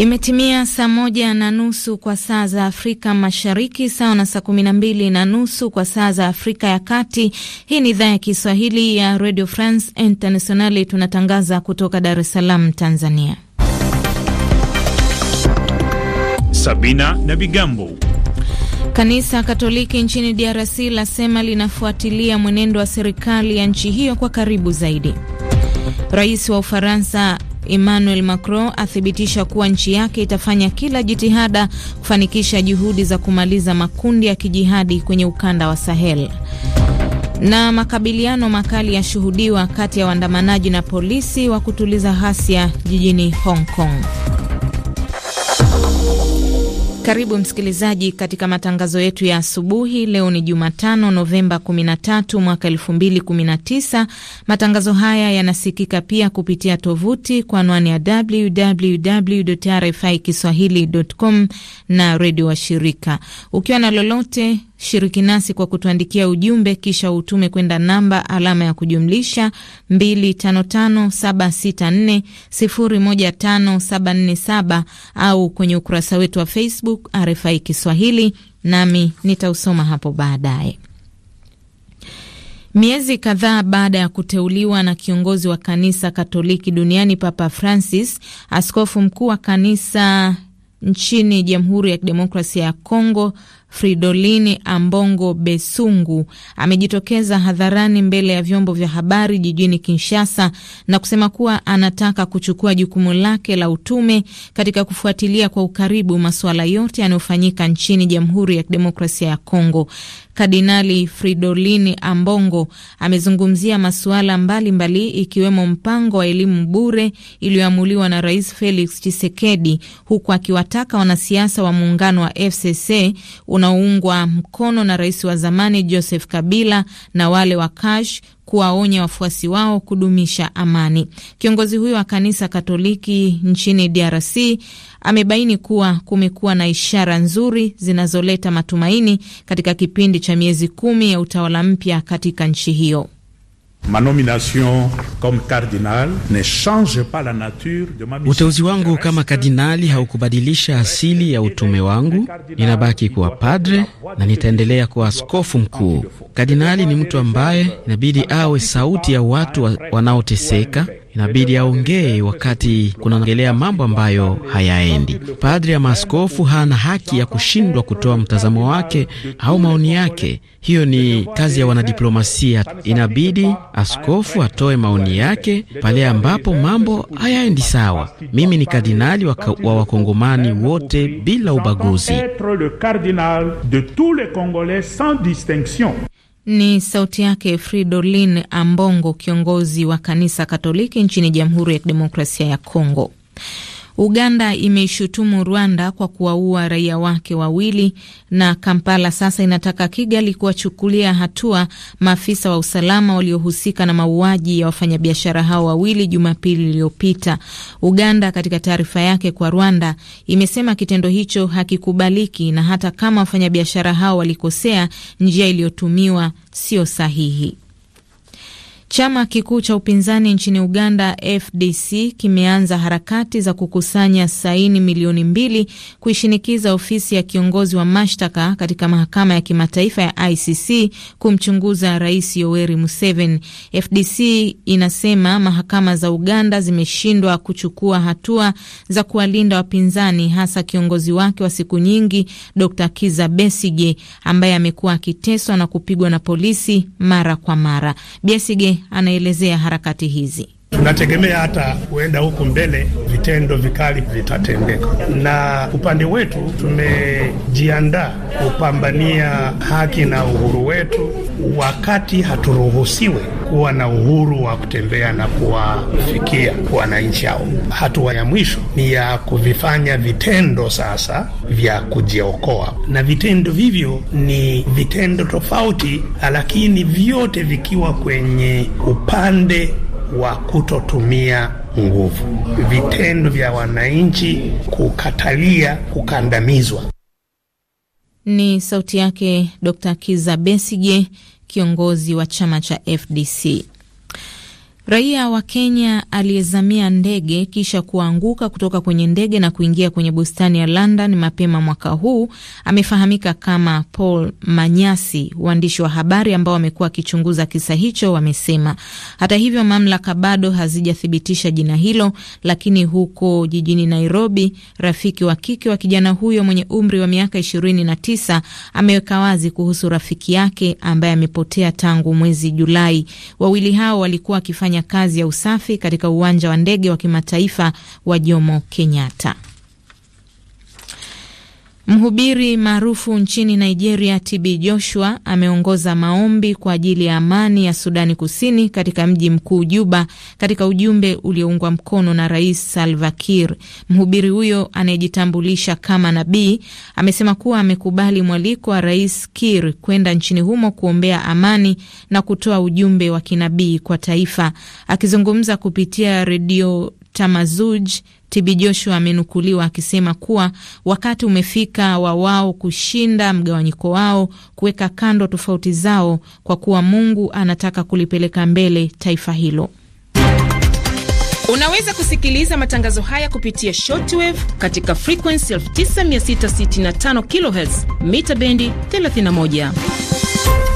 Imetimia saa moja na nusu kwa saa za Afrika Mashariki, sawa na saa kumi na mbili na nusu kwa saa za Afrika ya Kati. Hii ni idhaa ya Kiswahili ya Radio France Internationali, tunatangaza kutoka Dar es Salaam, Tanzania. Sabina na Bigambo. Kanisa Katoliki nchini DRC lasema linafuatilia mwenendo wa serikali ya nchi hiyo kwa karibu zaidi. Rais wa Ufaransa Emmanuel Macron athibitisha kuwa nchi yake itafanya kila jitihada kufanikisha juhudi za kumaliza makundi ya kijihadi kwenye ukanda wa Sahel. Na makabiliano makali yashuhudiwa kati ya waandamanaji na polisi wa kutuliza ghasia jijini Hong Kong. Karibu msikilizaji katika matangazo yetu ya asubuhi. Leo ni Jumatano, Novemba 13 mwaka 2019. Matangazo haya yanasikika pia kupitia tovuti kwa anwani ya www RFI kiswahili.com na redio wa shirika Ukiwa na lolote Shiriki nasi kwa kutuandikia ujumbe kisha utume kwenda namba alama ya kujumlisha 255764015747 au kwenye ukurasa wetu wa Facebook RFI Kiswahili, nami nitausoma hapo baadaye. Miezi kadhaa baada ya kuteuliwa na kiongozi wa kanisa Katoliki duniani Papa Francis, askofu mkuu wa kanisa nchini Jamhuri ya Kidemokrasia ya Kongo Fridolini Ambongo Besungu amejitokeza hadharani mbele ya vyombo vya habari jijini Kinshasa na kusema kuwa anataka kuchukua jukumu lake la utume katika kufuatilia kwa ukaribu masuala yote yanayofanyika nchini Jamhuri ya Kidemokrasia ya Kongo. Kardinali Fridolini Ambongo amezungumzia masuala mbalimbali ikiwemo mpango wa elimu bure iliyoamuliwa na Rais Felix Tshisekedi, huku akiwataka wanasiasa wa muungano wa FCC unaoungwa mkono na rais wa zamani Joseph Kabila na wale wa Kash kuwaonya wafuasi wao kudumisha amani. Kiongozi huyo wa kanisa Katoliki nchini DRC amebaini kuwa kumekuwa na ishara nzuri zinazoleta matumaini katika kipindi cha miezi kumi ya utawala mpya katika nchi hiyo. Ma nomination comme cardinal ne change pas la nature de ma mission. Uteuzi wangu kama kardinali haukubadilisha asili ya utume wangu. Ninabaki kuwa padre na nitaendelea kuwa askofu mkuu. Kardinali ni mtu ambaye inabidi awe sauti ya watu wanaoteseka inabidi aongee wakati kunaongelea mambo ambayo hayaendi. Padri ya maaskofu hana haki ya kushindwa kutoa mtazamo wake au maoni yake. Hiyo ni kazi ya wanadiplomasia. Inabidi askofu atoe maoni yake pale ambapo mambo hayaendi sawa. Mimi ni kardinali wa wakongomani wote bila ubaguzi. Ni sauti yake Fridolin Ambongo, kiongozi wa kanisa Katoliki nchini Jamhuri ya Kidemokrasia ya Kongo. Uganda imeishutumu Rwanda kwa kuwaua raia wake wawili, na Kampala sasa inataka Kigali kuwachukulia hatua maafisa wa usalama waliohusika na mauaji ya wafanyabiashara hao wawili Jumapili iliyopita. Uganda katika taarifa yake kwa Rwanda imesema kitendo hicho hakikubaliki na hata kama wafanyabiashara hao walikosea, njia iliyotumiwa sio sahihi. Chama kikuu cha upinzani nchini Uganda, FDC, kimeanza harakati za kukusanya saini milioni mbili kuishinikiza ofisi ya kiongozi wa mashtaka katika mahakama ya kimataifa ya ICC kumchunguza Rais Yoweri Museveni. FDC inasema mahakama za Uganda zimeshindwa kuchukua hatua za kuwalinda wapinzani, hasa kiongozi wake wa siku nyingi Dr Kiza Besige ambaye amekuwa akiteswa na kupigwa na polisi mara kwa mara. Besige anaelezea harakati hizi. Tunategemea hata huenda huku mbele vitendo vikali vitatendeka, na upande wetu tumejiandaa kupambania haki na uhuru wetu, wakati haturuhusiwe kuwa na uhuru wa kutembea na kuwafikia wananchi hao. Hatua ya mwisho ni ya kuvifanya vitendo sasa vya kujiokoa, na vitendo vivyo ni vitendo tofauti, lakini vyote vikiwa kwenye upande wa kutotumia nguvu, vitendo vya wananchi kukatalia kukandamizwa. Ni sauti yake Dr. Kiza Besige, kiongozi wa chama cha FDC. Raia wa Kenya aliyezamia ndege kisha kuanguka kutoka kwenye ndege na kuingia kwenye bustani ya London mapema mwaka huu amefahamika kama Paul Manyasi. Waandishi wa habari ambao wamekuwa wakichunguza kisa hicho wamesema. Hata hivyo, mamlaka bado hazijathibitisha jina hilo, lakini huko jijini Nairobi, rafiki wa kike wa kijana huyo mwenye umri wa miaka tisa ameweka wazi kuhusu rafiki yake ambaye amepotea tangu mwezi Julai. Wawili hao walikuwa wakifanya kufanya kazi ya usafi katika uwanja wa ndege wa kimataifa wa Jomo Kenyatta. Mhubiri maarufu nchini Nigeria TB Joshua ameongoza maombi kwa ajili ya amani ya Sudani Kusini katika mji mkuu Juba, katika ujumbe ulioungwa mkono na Rais Salva Kiir. Mhubiri huyo anayejitambulisha kama nabii amesema kuwa amekubali mwaliko wa Rais Kiir kwenda nchini humo kuombea amani na kutoa ujumbe wa kinabii kwa taifa. Akizungumza kupitia redio Tamazuj TB Joshua amenukuliwa akisema kuwa wakati umefika wa wao kushinda mgawanyiko wao, kuweka kando tofauti zao, kwa kuwa Mungu anataka kulipeleka mbele taifa hilo. Unaweza kusikiliza matangazo haya kupitia shortwave katika frequency 9665 kHz mita bendi 31.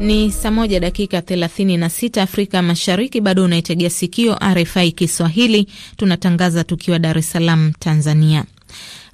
Ni saa moja dakika 36 Afrika Mashariki. Bado unaitegea sikio RFI Kiswahili, tunatangaza tukiwa Dar es Salaam, Tanzania.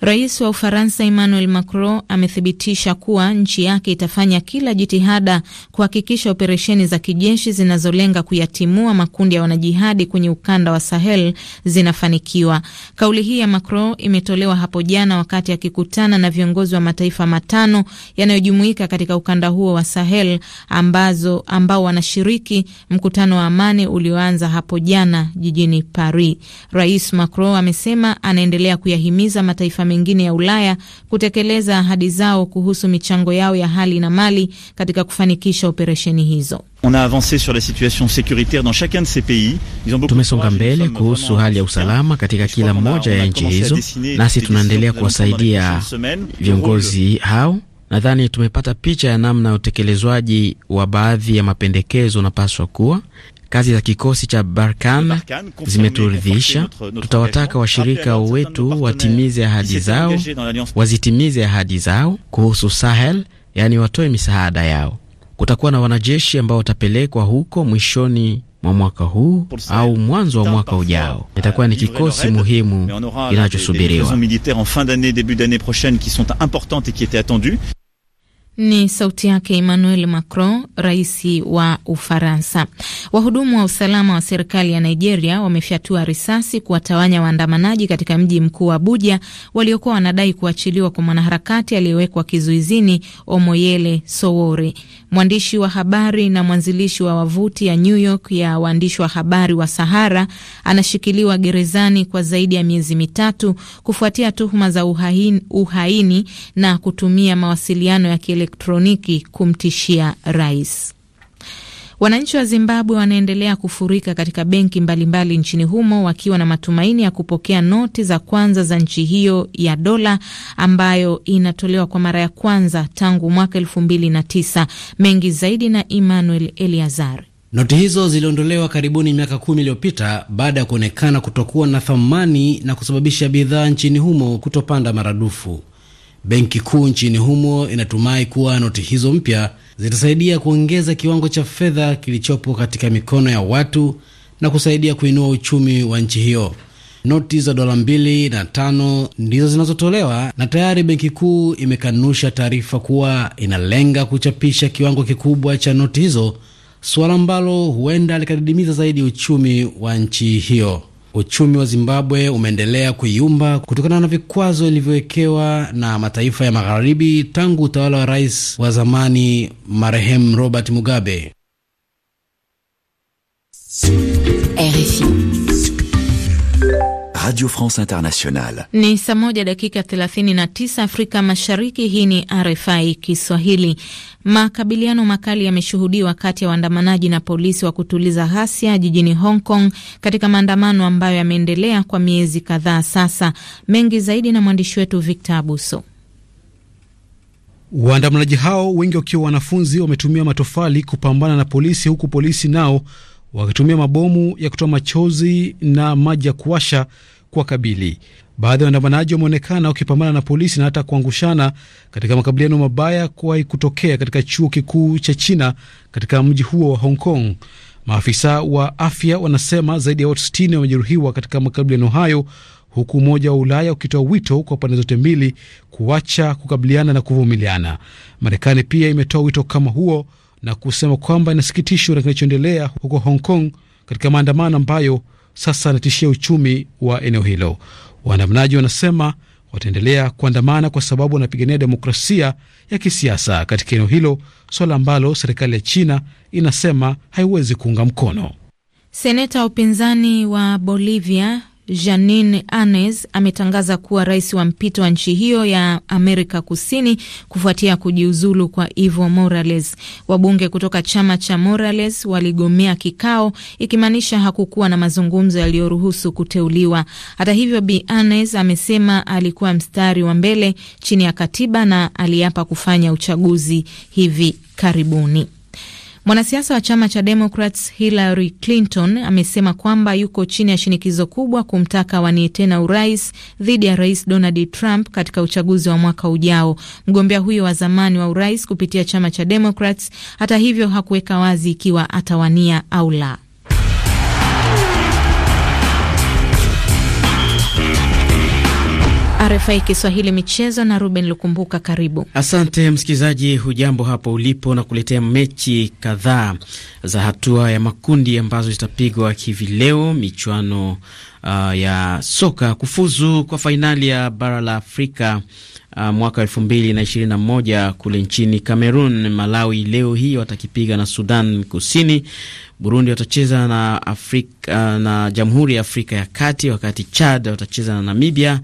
Rais wa Ufaransa Emmanuel Macron amethibitisha kuwa nchi yake itafanya kila jitihada kuhakikisha operesheni za kijeshi zinazolenga kuyatimua makundi ya wanajihadi kwenye ukanda wa Sahel zinafanikiwa. Kauli hii ya Macron imetolewa hapo jana wakati akikutana na viongozi wa mataifa matano yanayojumuika katika ukanda huo wa Sahel ambazo, ambao wanashiriki mkutano wa amani ulioanza hapo jana jijini Paris. Rais Macron amesema anaendelea kuyahimiza mataifa mengine ya Ulaya kutekeleza ahadi zao kuhusu michango yao ya hali na mali katika kufanikisha operesheni hizo. Tumesonga mbele kuhusu hali ya usalama katika kila mmoja ya nchi hizo, nasi tunaendelea kuwasaidia viongozi hao. Nadhani tumepata picha ya namna utekelezwaji wa baadhi ya mapendekezo unapaswa kuwa. Kazi za kikosi cha Barkan zimeturidhisha. Tutawataka washirika wetu watimize ahadi zao, wazitimize ahadi zao kuhusu Sahel, yaani watoe misaada yao. Kutakuwa na wanajeshi ambao watapelekwa huko mwishoni mwa mwaka huu au mwanzo wa mwaka ujao. Itakuwa ni kikosi muhimu kinachosubiriwa. Ni sauti yake Emmanuel Macron, rais wa Ufaransa. Wahudumu wa usalama wa serikali ya Nigeria wamefyatua risasi kuwatawanya waandamanaji katika mji mkuu wa Abuja waliokuwa wanadai kuachiliwa kwa mwanaharakati aliyewekwa kizuizini Omoyele Sowore. Mwandishi wa habari na mwanzilishi wa wavuti ya New York ya waandishi wa habari wa Sahara anashikiliwa gerezani kwa zaidi ya miezi mitatu kufuatia tuhuma za uhaini, uhaini na kutumia mawasiliano ya kiele kielektroniki kumtishia rais. Wananchi wa Zimbabwe wanaendelea kufurika katika benki mbalimbali nchini humo wakiwa na matumaini ya kupokea noti za kwanza za nchi hiyo ya dola ambayo inatolewa kwa mara ya kwanza tangu mwaka elfu mbili na tisa. Mengi zaidi na Emmanuel Eliazar. Noti hizo ziliondolewa karibuni miaka kumi iliyopita baada ya kuonekana kutokuwa na thamani na kusababisha bidhaa nchini humo kutopanda maradufu. Benki Kuu nchini humo inatumai kuwa noti hizo mpya zitasaidia kuongeza kiwango cha fedha kilichopo katika mikono ya watu na kusaidia kuinua uchumi wa nchi hiyo. Noti za dola mbili na tano ndizo zinazotolewa na tayari benki kuu imekanusha taarifa kuwa inalenga kuchapisha kiwango kikubwa cha noti hizo, suala ambalo huenda likadidimiza zaidi uchumi wa nchi hiyo. Uchumi wa Zimbabwe umeendelea kuyumba kutokana na vikwazo vilivyowekewa na mataifa ya magharibi tangu utawala wa rais wa zamani marehemu Robert Mugabe. RFI. Radio France Internationale. Ni saa moja dakika 39 Afrika Mashariki. Hii ni RFI Kiswahili. Makabiliano makali yameshuhudiwa kati ya waandamanaji na polisi wa kutuliza ghasia jijini Hong Kong katika maandamano ambayo yameendelea kwa miezi kadhaa sasa. Mengi zaidi na mwandishi wetu Victor Abuso. Waandamanaji hao wengi wakiwa wanafunzi wametumia matofali kupambana na polisi, huku polisi nao wakitumia mabomu ya kutoa machozi na maji ya kuwasha kabili Baadhi ya waandamanaji wameonekana wakipambana na polisi na hata kuangushana katika makabiliano mabaya kuwahi kutokea katika chuo kikuu cha China katika mji huo wa Hong Kong. Maafisa wa afya wanasema zaidi ya watu 60 wamejeruhiwa katika makabiliano hayo, huku Umoja wa Ulaya ukitoa wito kwa pande zote mbili kuacha kukabiliana na kuvumiliana. Marekani pia imetoa wito kama huo na kusema kwamba inasikitishwa na kinachoendelea huko Hong Kong katika maandamano ambayo sasa anatishia uchumi wa eneo hilo. Waandamanaji wanasema wataendelea kuandamana kwa sababu wanapigania demokrasia ya kisiasa katika eneo hilo, suala ambalo serikali ya China inasema haiwezi kuunga mkono. Seneta wa upinzani wa Bolivia Janine anes ametangaza kuwa rais wa mpito wa nchi hiyo ya Amerika Kusini kufuatia kujiuzulu kwa Evo Morales. Wabunge kutoka chama cha Morales waligomea kikao, ikimaanisha hakukuwa na mazungumzo yaliyoruhusu kuteuliwa. Hata hivyo, Bi anes amesema alikuwa mstari wa mbele chini ya katiba na aliapa kufanya uchaguzi hivi karibuni. Mwanasiasa wa chama cha Democrats Hillary Clinton amesema kwamba yuko chini ya shinikizo kubwa kumtaka wanie tena urais dhidi ya rais Donald Trump katika uchaguzi wa mwaka ujao. Mgombea huyo wa zamani wa urais kupitia chama cha Democrats, hata hivyo, hakuweka wazi ikiwa atawania au la. RFI Kiswahili michezo na Ruben Lukumbuka, karibu. Asante msikilizaji, hujambo hapo ulipo, na kuletea mechi kadhaa za hatua ya makundi ambazo zitapigwa hivi leo, michuano uh, ya soka kufuzu kwa fainali ya bara la Afrika uh, mwaka elfu mbili na ishirini na moja kule nchini Cameroon. Malawi leo hii watakipiga na Sudan Kusini. Burundi watacheza na Afrika, uh, na Jamhuri ya Afrika ya Kati, wakati Chad watacheza na Namibia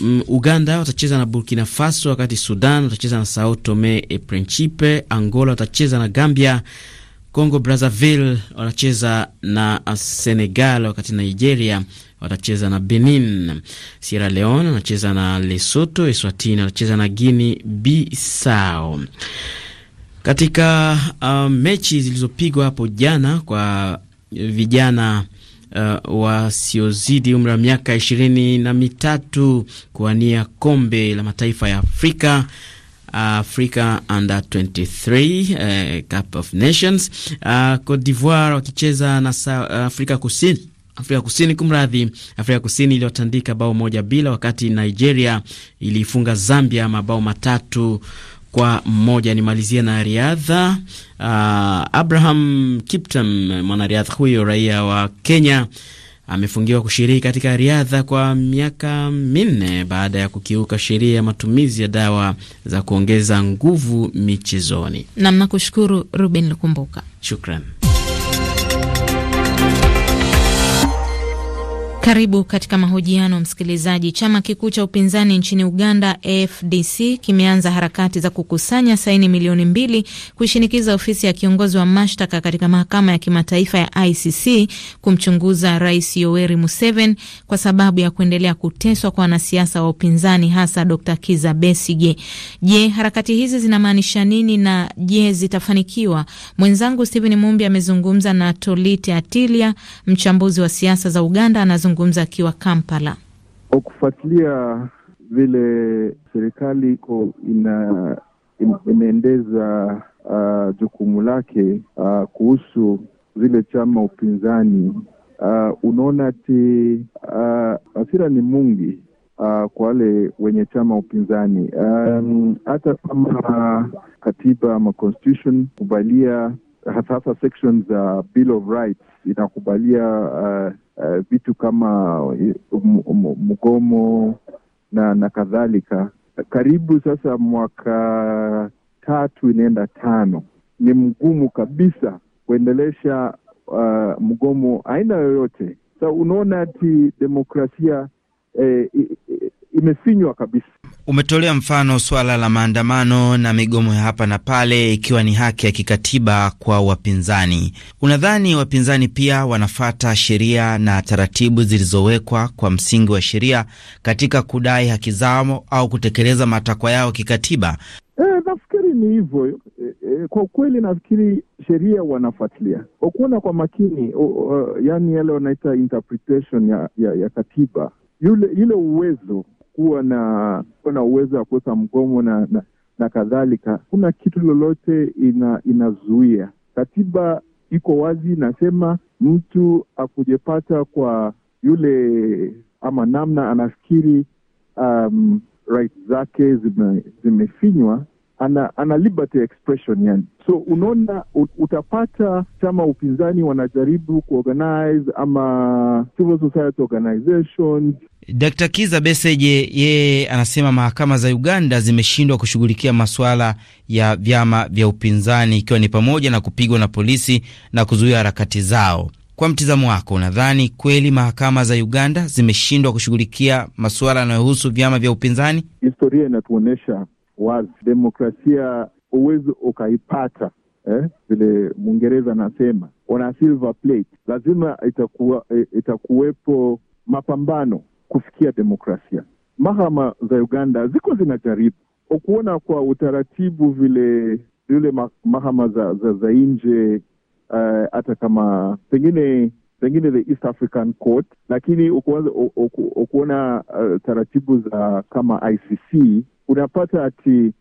Mm, Uganda watacheza na Burkina Faso, wakati Sudan watacheza na Sao Tome e Principe, Angola watacheza na Gambia, Congo Brazzaville watacheza na Senegal, wakati Nigeria watacheza na Benin, Sierra Leone wanacheza na Lesotho, Eswatini watacheza na Guinea Bissau. Katika uh, mechi zilizopigwa hapo jana kwa vijana uh, wasiozidi umri wa miaka ishirini na mitatu kuwania kombe la mataifa ya Afrika Africa under 23 eh, uh, Cup of Nations uh, Cote d'Ivoire wakicheza na uh, Afrika Kusini Afrika Kusini, kumradhi, Afrika Kusini iliyotandika bao moja bila, wakati Nigeria iliifunga Zambia mabao matatu kwa mmoja. Nimalizie na riadha. Uh, Abraham Kiptum, mwanariadha huyo raia wa Kenya amefungiwa kushiriki katika riadha kwa miaka minne baada ya kukiuka sheria ya matumizi ya dawa za kuongeza nguvu michezoni. Nam, kushukuru Ruben Lukumbuka, shukran. Karibu katika mahojiano msikilizaji. Chama kikuu cha upinzani nchini Uganda, AFDC, kimeanza harakati za kukusanya saini milioni mbili kuishinikiza ofisi ya kiongozi wa mashtaka katika mahakama ya kimataifa ya ICC kumchunguza Rais Yoweri Museveni kwa sababu ya kuendelea kuteswa kwa wanasiasa wa upinzani, hasa Dr Kiza Besige. Je, harakati hizi zinamaanisha nini na je, zitafanikiwa? Mwenzangu Stephen Mumbi amezungumza na Tolite Atilia, mchambuzi wa siasa za Uganda, anazungumza akizungumza akiwa Kampala. Kwa kufuatilia vile serikali iko ina inaendeza uh, jukumu lake uh, kuhusu zile chama upinzani uh, unaona ati uh, asira ni mungi uh, kwa wale wenye chama upinzani um, hata kama katiba ama constitution kubalia hasa section za uh, Bill of Rights inakubalia uh, uh, vitu kama uh, mgomo na na kadhalika. Karibu sasa mwaka tatu inaenda tano, ni mgumu kabisa kuendelesha uh, mgomo aina yoyote. Sa unaona ati demokrasia eh, imefinywa kabisa. Umetolea mfano suala la maandamano na migomo ya hapa na pale, ikiwa ni haki ya kikatiba kwa wapinzani. Unadhani wapinzani pia wanafata sheria na taratibu zilizowekwa kwa msingi wa sheria katika kudai haki zao au kutekeleza matakwa yao kikatiba? E, nafikiri ni hivyo e, e, kwa ukweli nafikiri sheria wanafuatilia ukuona kwa makini o, o, yani yale wanaita interpretation ya, ya, ya katiba yule ile uwezo kuwa na kuwa na uwezo wa kuweka mgomo na, na, na kadhalika. Kuna kitu lolote ina, inazuia. Katiba iko wazi, inasema mtu akujepata kwa yule ama namna anafikiri um, right zake zime, zimefinywa ana ana liberty expression yani. So unaona utapata chama upinzani wanajaribu kuorganize ama civil society organizations. Dr. Kiza Beseje yeye anasema mahakama za Uganda zimeshindwa kushughulikia masuala ya vyama vya upinzani ikiwa ni pamoja na kupigwa na polisi na kuzuia harakati zao. Kwa mtizamo wako, unadhani kweli mahakama za Uganda zimeshindwa kushughulikia masuala yanayohusu vyama vya upinzani? Historia inatuonyesha wazi. Demokrasia huwezi ukaipata eh, vile Mwingereza anasema ona silver plate, lazima itakuwa eh, itakuwepo mapambano kufikia demokrasia. Mahakama za Uganda ziko zinajaribu ukuona kwa utaratibu vile yule mahakama za, za, za nje uh, hata kama pengine pengine the East African Court, lakini ukuona uku, ukuona uh, taratibu za kama ICC unapata ati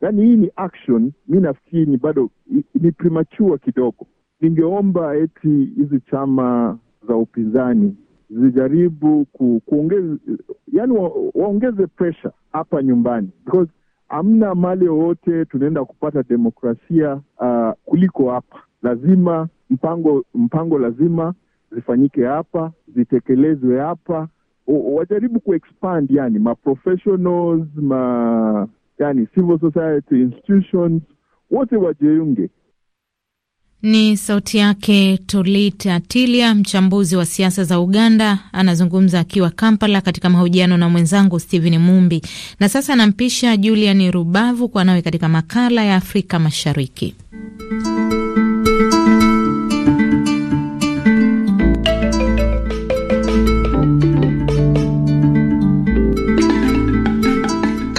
yani hii ni action. Mi nafikiri ni bado ni primachua kidogo. Ningeomba eti hizi chama za upinzani zijaribu ku, kuongeze yani wa, waongeze pressure hapa nyumbani because hamna mali yoyote tunaenda kupata demokrasia uh, kuliko hapa. Lazima mpango mpango lazima zifanyike hapa, zitekelezwe hapa, wajaribu kuexpand yani professionals ma yani civil society institutions wote wajiunge. Ni sauti yake Tolita Tilia, mchambuzi wa siasa za Uganda, anazungumza akiwa Kampala katika mahojiano na mwenzangu stehen Mumbi. Na sasa anampisha Julian Rubavu kwa nawe katika makala ya Afrika Mashariki.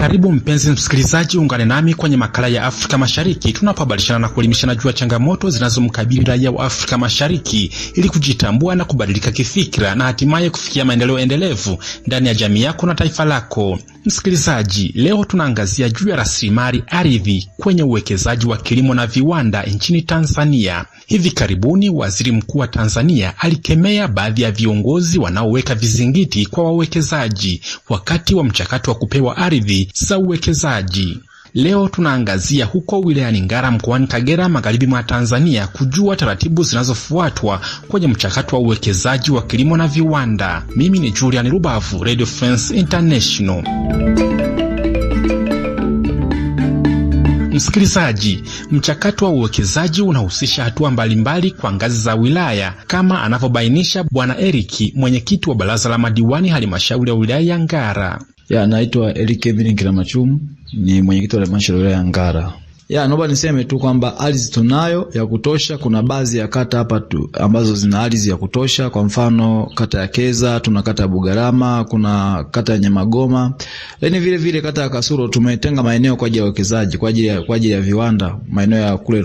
Karibu mpenzi msikilizaji, ungane nami kwenye makala ya Afrika Mashariki tunapobadilishana na kuelimishana juu ya changamoto zinazomkabili raia wa Afrika Mashariki ili kujitambua na kubadilika kifikira na hatimaye kufikia maendeleo endelevu ndani ya jamii yako na taifa lako. Msikilizaji, leo tunaangazia juu ya rasilimali ardhi kwenye uwekezaji wa kilimo na viwanda nchini Tanzania. Hivi karibuni Waziri Mkuu wa Tanzania alikemea baadhi ya viongozi wanaoweka vizingiti kwa wawekezaji wakati wa mchakato wa kupewa ardhi za uwekezaji. Leo tunaangazia huko wilayani Ngara mkoani Kagera, magharibi mwa Tanzania, kujua taratibu zinazofuatwa kwenye mchakato wa uwekezaji wa kilimo na viwanda. Mimi ni Julian Rubavu, Radio France International. Msikilizaji, mchakato wa uwekezaji unahusisha hatua mbalimbali kwa ngazi za wilaya kama anavyobainisha Bwana Eriki, mwenyekiti wa baraza la madiwani halmashauri ya wilaya ya Ngara. Ya, naitwa Eli Kevin Kiramachumu, ni mwenyekiti wa halmashauri ya Ngara. Ya, naomba niseme tu kwamba ardhi tunayo ya kutosha. Kuna baadhi ya kata hapa tu ambazo zina ardhi ya kutosha, kwa mfano kata ya Keza, tuna kata ya Bugarama, kuna kata ya Nyamagoma, lakini vile vile kata ya Kasuro tumetenga maeneo kwa ajili ya wawekezaji, kwa ajili ya kwa ajili ya viwanda, maeneo ya kule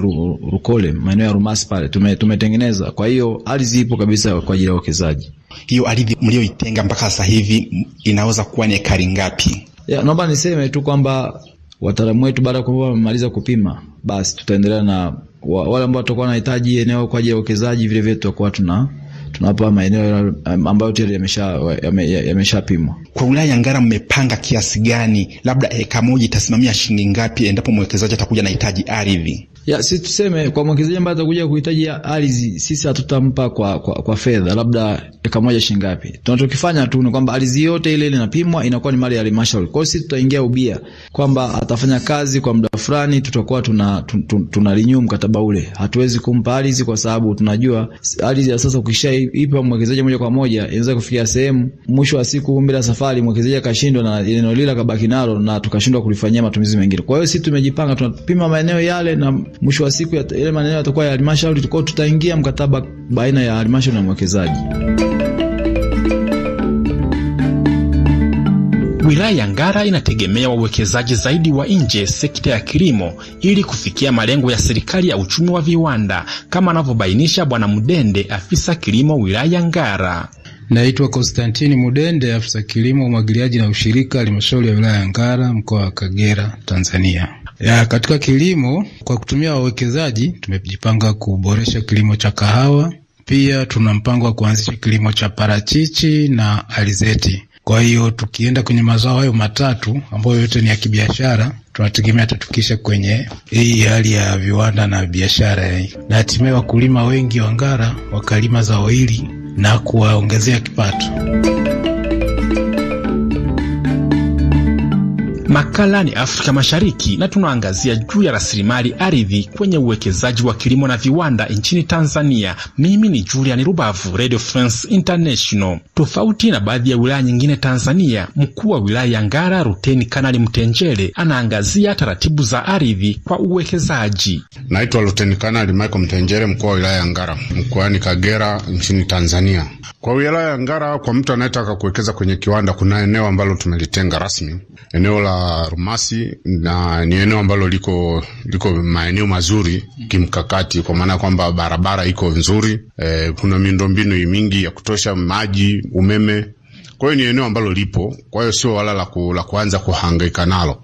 Rukole, maeneo ya Rumasi pale tumetengeneza. Kwa hiyo ardhi ipo kabisa kwa ajili ya wawekezaji hiyo ardhi mlioitenga mpaka sasa hivi inaweza kuwa ni ekari ngapi? Ya, naomba niseme tu kwamba wataalamu wetu baada ya kwamba wamemaliza kupima, basi tutaendelea na wale ambao watakuwa wanahitaji eneo kwa ajili ya uwekezaji, vile vile tutakuwa tuna tunapa maeneo ambayo tayari yameshapimwa Kwa wilaya ya Ngara mmepanga kiasi gani? Labda heka moja itasimamia shilingi ngapi endapo mwekezaji atakuja na hitaji ardhi? ya si tuseme kwa mwekezaji ambaye atakuja kuhitaji ardhi, sisi hatutampa kwa, kwa, kwa fedha labda eka moja shilingi ngapi. Tunachokifanya tu ni kwamba ardhi yote ile ile inapimwa inakuwa ni mali ya halmashauri. Kwa hiyo sisi tutaingia ubia kwamba atafanya kazi kwa muda fulani, tutakuwa tuna, tuna, tuna, tuna renew mkataba ule. Hatuwezi kumpa ardhi kwa sababu tunajua ardhi ya sasa ukishaipa mwekezaji moja kwa moja inaweza kufikia sehemu mwisho wa siku bila safari mwekezaji akashindwa na eneo lile akabaki nalo na tukashindwa kulifanyia matumizi mengine. Kwa hiyo sisi tumejipanga tunapima maeneo yale na mwisho wa siku ile maneno yatakuwa ya halmashauri, tuko tutaingia mkataba baina ya halmashauri na mwekezaji. Wilaya ya Ngara inategemea wawekezaji zaidi wa nje sekta ya kilimo ili kufikia malengo ya serikali ya uchumi wa viwanda kama anavyobainisha Bwana Mudende, afisa kilimo wilaya ya Ngara. Naitwa Konstantini Mudende, afisa kilimo, umwagiliaji na ushirika, halmashauri ya wilaya ya Ngara, mkoa wa Kagera, Tanzania. Ya, katika kilimo kwa kutumia wawekezaji tumejipanga kuboresha kilimo cha kahawa. Pia tuna mpango wa kuanzisha kilimo cha parachichi na alizeti. Kwa hiyo tukienda kwenye mazao hayo matatu ambayo yote ni ya kibiashara, tunategemea tatukisha kwenye hii hali ya viwanda na biashara hii, na hatimaye wakulima wengi wa Ngara wakalima zao hili na kuwaongezea kipato. Makala ni Afrika Mashariki na tunaangazia juu ya rasilimali ardhi kwenye uwekezaji wa kilimo na viwanda nchini Tanzania. Mimi ni Julian Rubavu, Radio France International. Tofauti na baadhi ya wilaya nyingine Tanzania, mkuu wa wilaya ya Ngara Ruteni Kanali Mtenjele anaangazia taratibu za ardhi kwa uwekezaji. Naitwa Ruteni Kanali Michael Mtenjele, mkuu wa wilaya ya Ngara mkoani Kagera nchini Tanzania. Kwa wilaya ya Ngara, kwa mtu anayetaka kuwekeza kwenye kiwanda, kuna eneo ambalo tumelitenga rasmi, eneo la Rumasi, na ni eneo ambalo liko liko maeneo mazuri kimkakati, kwa maana ya kwamba barabara iko nzuri, e, kuna miundombinu mingi ya kutosha, maji, umeme. Kwa hiyo ni eneo ambalo lipo, kwa hiyo sio wala la kuanza kuhangaika nalo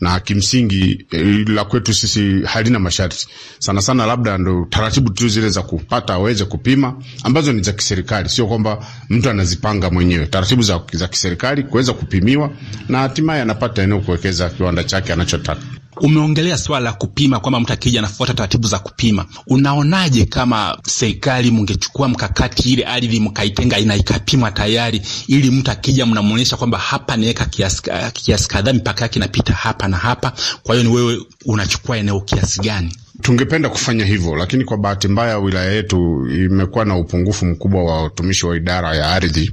na kimsingi eh, la kwetu sisi halina masharti sana sana, labda ndo taratibu tu zile za kupata aweze kupima ambazo ni za kiserikali, sio kwamba mtu anazipanga mwenyewe. Taratibu za, za kiserikali kuweza kupimiwa na hatimaye anapata eneo kuwekeza kiwanda chake anachotaka. Umeongelea swala la kupima kwamba mtu akija anafuata taratibu za kupima. Unaonaje kama serikali mngechukua mkakati ile ardhi mkaitenga ina ikapimwa tayari, ili mtu akija mnamuonyesha kwamba hapa niweka kiasi kiasi kadhaa, mipaka yake inapita hapa na hapa, kwa hiyo ni wewe unachukua eneo kiasi gani? Tungependa kufanya hivyo, lakini kwa bahati mbaya wilaya yetu imekuwa na upungufu mkubwa wa watumishi wa idara ya ardhi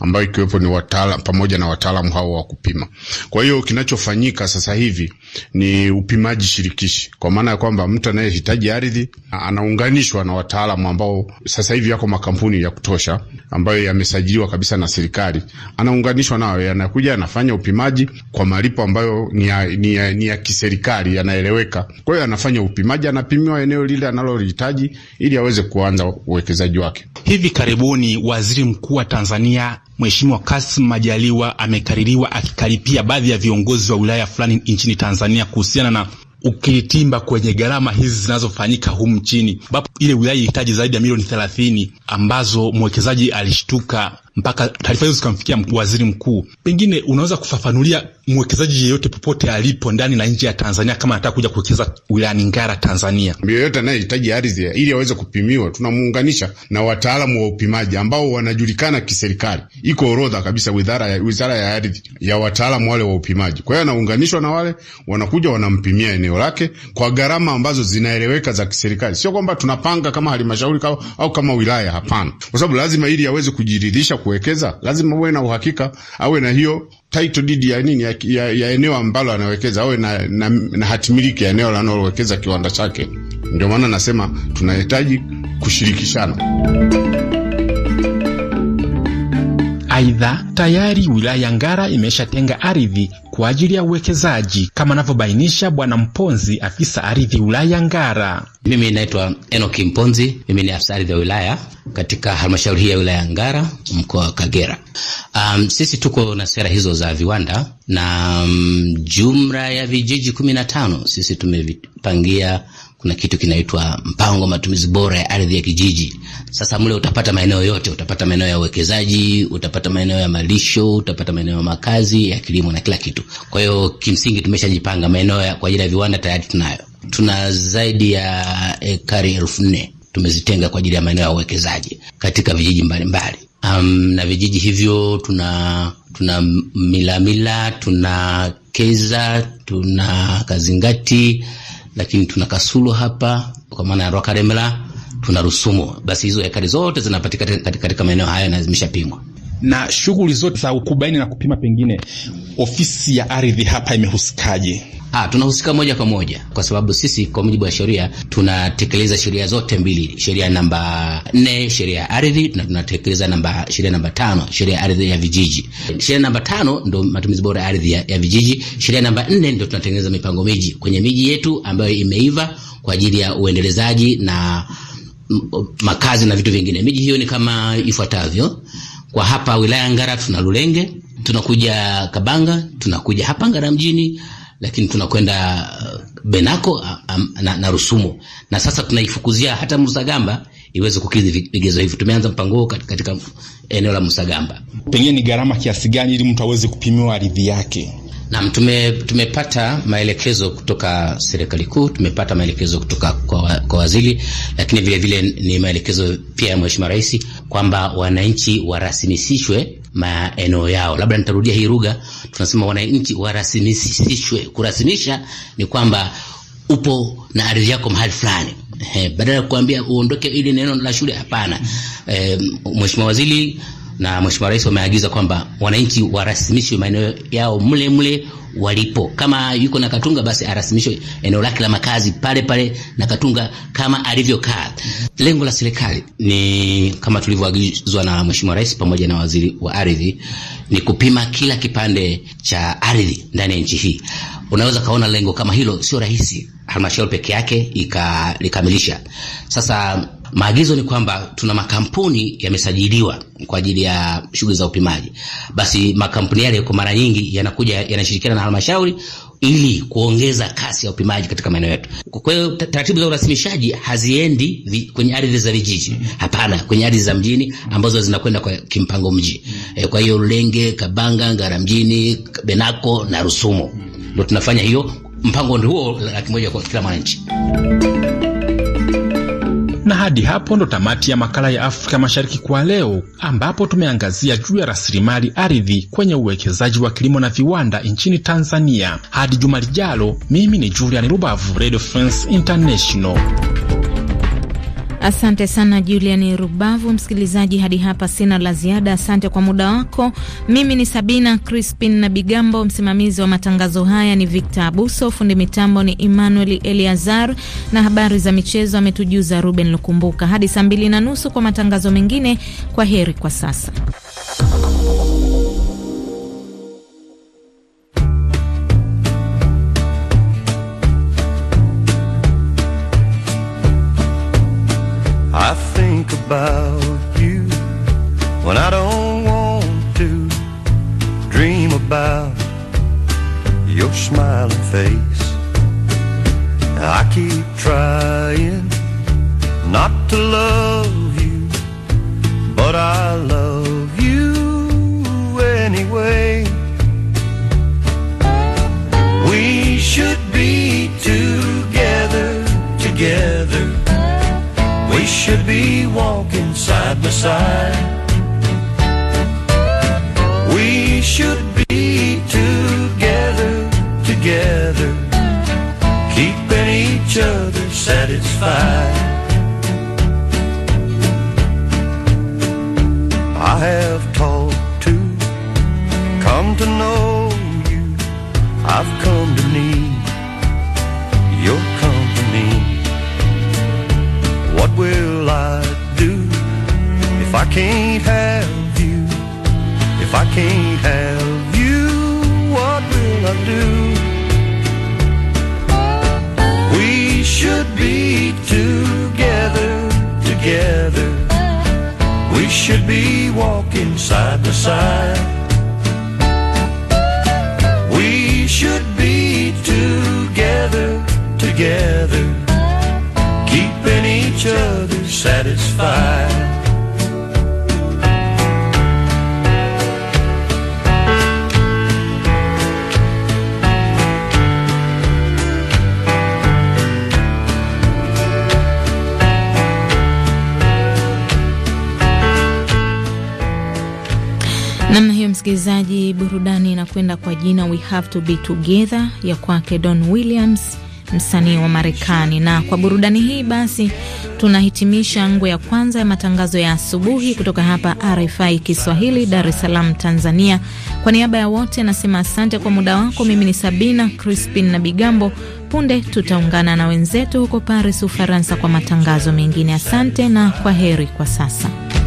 ambayo ikiwepo ni wataalamu pamoja na wataalamu hao wa kupima. Kwa hiyo kinachofanyika sasa hivi ni upimaji shirikishi, kwa maana ya kwamba mtu anayehitaji ardhi anaunganishwa na wataalamu ambao sasa hivi yako makampuni ya kutosha ambayo yamesajiliwa kabisa na serikali, anaunganishwa nayo, yanakuja anafanya upimaji kwa malipo ambayo ni ya, ni ya, ni ya kiserikali, yanaeleweka. Kwa hiyo anafanya upimaji mwekezaji anapimiwa eneo lile analolihitaji ili aweze kuanza uwekezaji wake. Hivi karibuni waziri mkuu wa Tanzania Mheshimiwa Kassim Majaliwa amekaririwa akikaripia baadhi ya viongozi wa wilaya fulani nchini Tanzania kuhusiana na ukiritimba kwenye gharama hizi zinazofanyika humu nchini, ambapo ile wilaya ilihitaji zaidi ya milioni thelathini ambazo mwekezaji alishtuka mpaka taarifa hizo zikamfikia waziri mkuu. Pengine unaweza kufafanulia mwekezaji yeyote popote alipo ndani na nje ya Tanzania, kama anataka kuja kuwekeza wilayani Ngara Tanzania, yeyote anayehitaji ardhi ili aweze kupimiwa, tunamuunganisha na wataalamu wa upimaji ambao wanajulikana kiserikali. Iko orodha kabisa wizara ya, wizara ya ardhi ya wataalamu wale wa upimaji. Kwa hiyo anaunganishwa na wale wanakuja, wanampimia eneo lake kwa gharama ambazo zinaeleweka za kiserikali. Sio kwamba tunapanga kama halmashauri au kama wilaya, hapana, kwa sababu lazima ili aweze kujiridhisha kuwekeza, lazima uwe na uhakika awe na hiyo title deed ya nini ya, ya, ya eneo ambalo anawekeza awe na, na, na hatimiliki ya eneo analowekeza kiwanda chake. Ndio maana nasema tunahitaji kushirikishana. Aidha, tayari wilaya ya Ngara imeshatenga ardhi kwa ajili ya uwekezaji kama anavyobainisha Bwana Mponzi, afisa ardhi wilaya ya Ngara. Mimi naitwa Enoki Mponzi, mimi ni afisa ardhi ya wilaya katika halmashauri hii ya wilaya ya Ngara, mkoa wa Kagera. Um, sisi tuko na sera hizo za viwanda na um, jumla ya vijiji kumi na tano sisi tumevipangia kuna kitu kinaitwa mpango wa matumizi bora ya ardhi ya kijiji. Sasa mle utapata maeneo yote, utapata maeneo ya uwekezaji, utapata maeneo ya malisho, utapata maeneo ya makazi, ya kilimo na kila kitu. Kwa hiyo kimsingi tumeshajipanga. Maeneo kwa ajili ya viwanda tayari tunayo, tuna zaidi ya ekari elfu nne tumezitenga kwa ajili ya maeneo ya uwekezaji katika vijiji mbalimbali mbali. Um, na vijiji hivyo tuna tuna Milamila, tuna Keza, tuna Kazingati lakini tuna Kasulu hapa kwa maana ya Rwakaremera, tuna Rusumo. Basi hizo ekari zote zinapatikana katika maeneo hayo na zimeshapimwa na shughuli zote za kubaini na kupima, pengine ofisi ya ardhi hapa imehusikaje? Ha, ah, tunahusika moja kwa moja kwa sababu sisi kwa mujibu wa sheria tunatekeleza sheria zote mbili, sheria namba nne, sheria ya ardhi, na tunatekeleza namba sheria namba tano, sheria ya ardhi ya vijiji. Sheria namba tano ndo matumizi bora ya ardhi ya vijiji, sheria namba nne ndo tunatengeneza mipango miji kwenye miji yetu ambayo imeiva kwa ajili ya uendelezaji na makazi na vitu vingine. Miji hiyo ni kama ifuatavyo: kwa hapa wilaya Ngara tuna Lulenge, tunakuja Kabanga, tunakuja hapa Ngara mjini, lakini tunakwenda uh, Benako uh, um, na, na Rusumo na sasa tunaifukuzia hata Musagamba iweze kukidhi vigezo hivyo. Tumeanza mpango huo katika eneo la Musagamba. Pengine ni gharama kiasi gani ili mtu aweze kupimiwa ardhi yake? Naam, tume, tumepata maelekezo kutoka serikali kuu, tumepata maelekezo kutoka kwa, kwa waziri, lakini vile vile ni maelekezo pia ya Mheshimiwa Rais kwamba wananchi warasimisishwe maeneo yao. Labda nitarudia hii lugha, tunasema wananchi warasimisishwe. Kurasimisha ni kwamba upo na ardhi yako mahali fulani eh, badala ya kuambia uondoke ili neno la shule hapana. E, Mheshimiwa Waziri na Mheshimiwa Rais wameagiza kwamba wananchi warasimishwe maeneo yao mle mle walipo. Kama yuko na Katunga, basi arasimishwe eneo lake la makazi pale pale na Katunga kama alivyokaa. Lengo la serikali ni kama tulivyoagizwa na Mheshimiwa Rais pamoja na Waziri wa Ardhi, ni kupima kila kipande cha ardhi ndani ya nchi hii. Unaweza kaona lengo kama hilo sio rahisi halmashauri peke yake ikalikamilisha. Sasa maagizo ni kwamba tuna makampuni yamesajiliwa kwa ajili ya shughuli za upimaji, basi makampuni yale kwa mara nyingi yanakuja yanashirikiana na halmashauri ili kuongeza kasi ya upimaji katika maeneo yetu. Kwa hiyo taratibu za urasimishaji haziendi vi, kwenye ardhi za vijiji, hapana, kwenye ardhi za mjini ambazo zinakwenda kwa kimpango mji. E, kwa hiyo Lulenge, Kabanga, Ngara mjini, Benako na Rusumo ndio tunafanya hiyo mpango ndio huo, laki moja kwa kila mwananchi. Na hadi hapo ndo tamati ya makala ya Afrika Mashariki kwa leo, ambapo tumeangazia juu ya rasilimali ardhi kwenye uwekezaji wa kilimo na viwanda nchini Tanzania. Hadi juma lijalo, mimi ni Julian Rubavu, Radio France International. Asante sana Julian Rubavu. Msikilizaji, hadi hapa sina la ziada. Asante kwa muda wako. Mimi ni Sabina Crispin na Bigambo, msimamizi wa matangazo haya ni Victor Abuso, fundi mitambo ni Emmanuel Eliazar na habari za michezo ametujuza Ruben Lukumbuka. Hadi saa mbili na nusu kwa matangazo mengine. Kwa heri kwa sasa. satisfied. satisfied. Namna hiyo msikilizaji, burudani inakwenda kwa jina We Have to Be Together ya kwake Don Williams msanii wa Marekani. Na kwa burudani hii basi tunahitimisha ngwe ya kwanza ya matangazo ya asubuhi kutoka hapa RFI Kiswahili, Dar es Salaam, Tanzania. Kwa niaba ya wote nasema asante kwa muda wako. Mimi ni Sabina Crispin na Bigambo. Punde tutaungana na wenzetu huko Paris, Ufaransa, kwa matangazo mengine. Asante na kwa heri kwa sasa.